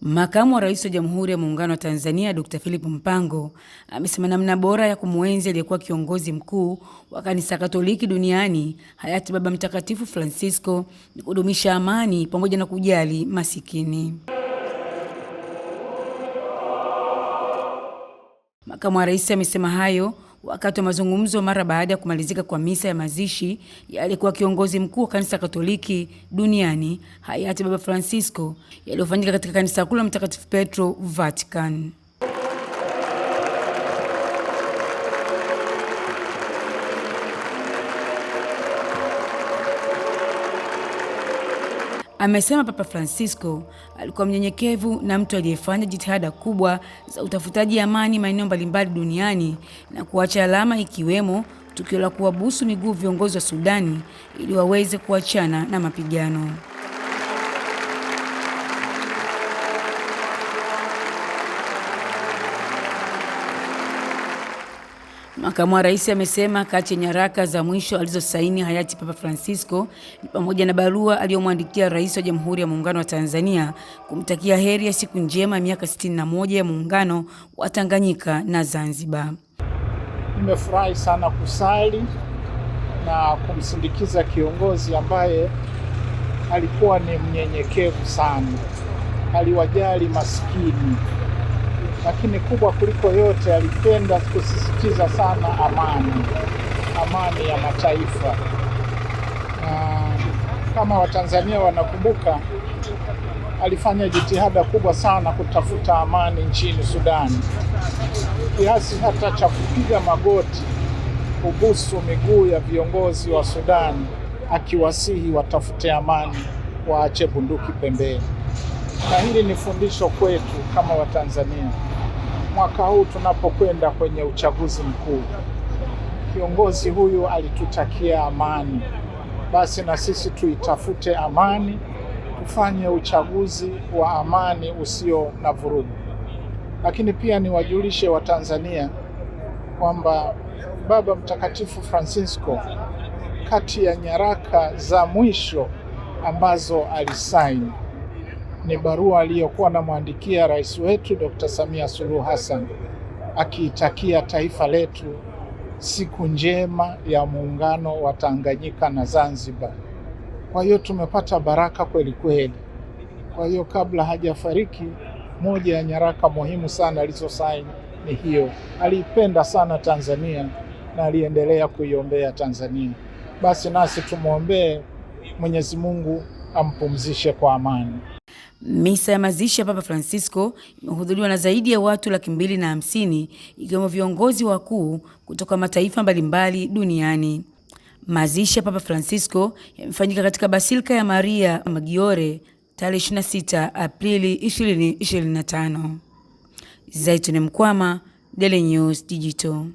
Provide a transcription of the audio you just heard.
Makamu wa Rais wa Jamhuri ya Muungano wa Tanzania Dkt. Philip Mpango amesema namna bora ya kumwenzi aliyekuwa kiongozi mkuu wa Kanisa Katoliki duniani hayati Baba Mtakatifu Francisco ni kudumisha amani pamoja na kujali masikini. Makamu wa Rais amesema hayo Wakati wa mazungumzo mara baada ya kumalizika kwa misa ya mazishi yalikuwa kiongozi mkuu wa kanisa Katoliki duniani hayati Baba Francisco, yaliyofanyika katika kanisa kuu la Mtakatifu Petro, Vatican. Amesema Papa Francisco alikuwa mnyenyekevu na mtu aliyefanya jitihada kubwa za utafutaji amani maeneo mbalimbali duniani na kuacha alama ikiwemo tukio la kuwabusu miguu viongozi wa Sudani ili waweze kuachana na mapigano. Makamu wa Rais amesema kati ya nyaraka za mwisho alizosaini hayati Papa Francisco ni pamoja na barua aliyomwandikia Rais wa Jamhuri ya Muungano wa Tanzania kumtakia heri ya siku njema ya miaka 61 ya muungano wa Tanganyika na Zanzibar. Nimefurahi sana kusali na kumsindikiza kiongozi ambaye alikuwa ni mnyenyekevu sana, aliwajali maskini lakini kubwa kuliko yote alipenda kusisitiza sana amani, amani ya mataifa. Na kama Watanzania wanakumbuka, alifanya jitihada kubwa sana kutafuta amani nchini Sudani, kiasi hata cha kupiga magoti, kubusu miguu ya viongozi wa Sudani, akiwasihi watafute amani, waache bunduki pembeni. Na hili ni fundisho kwetu kama Watanzania mwaka huu tunapokwenda kwenye uchaguzi mkuu, kiongozi huyu alitutakia amani, basi na sisi tuitafute amani, tufanye uchaguzi wa amani usio na vurugu. Lakini pia niwajulishe Watanzania kwamba Baba Mtakatifu Francisco, kati ya nyaraka za mwisho ambazo alisaini ni barua aliyokuwa anamwandikia rais wetu Dr. Samia Suluhu Hassan akiitakia taifa letu siku njema ya muungano wa Tanganyika na Zanzibar. Kwa hiyo tumepata baraka kweli kweli. Kwa hiyo kabla hajafariki, moja ya nyaraka muhimu sana alizosaini ni hiyo. Aliipenda sana Tanzania na aliendelea kuiombea Tanzania. Basi nasi tumwombee Mwenyezi Mungu ampumzishe kwa amani. Misa ya mazishi ya Papa Francisco imehudhuriwa na zaidi ya watu laki mbili na hamsini ikiwemo viongozi wakuu kutoka mataifa mbalimbali duniani. Mazishi ya Papa Francisco yamefanyika katika Basilika ya Maria Maggiore tarehe 26 Aprili 2025. Zaituni Mkwama, Daily News Digital.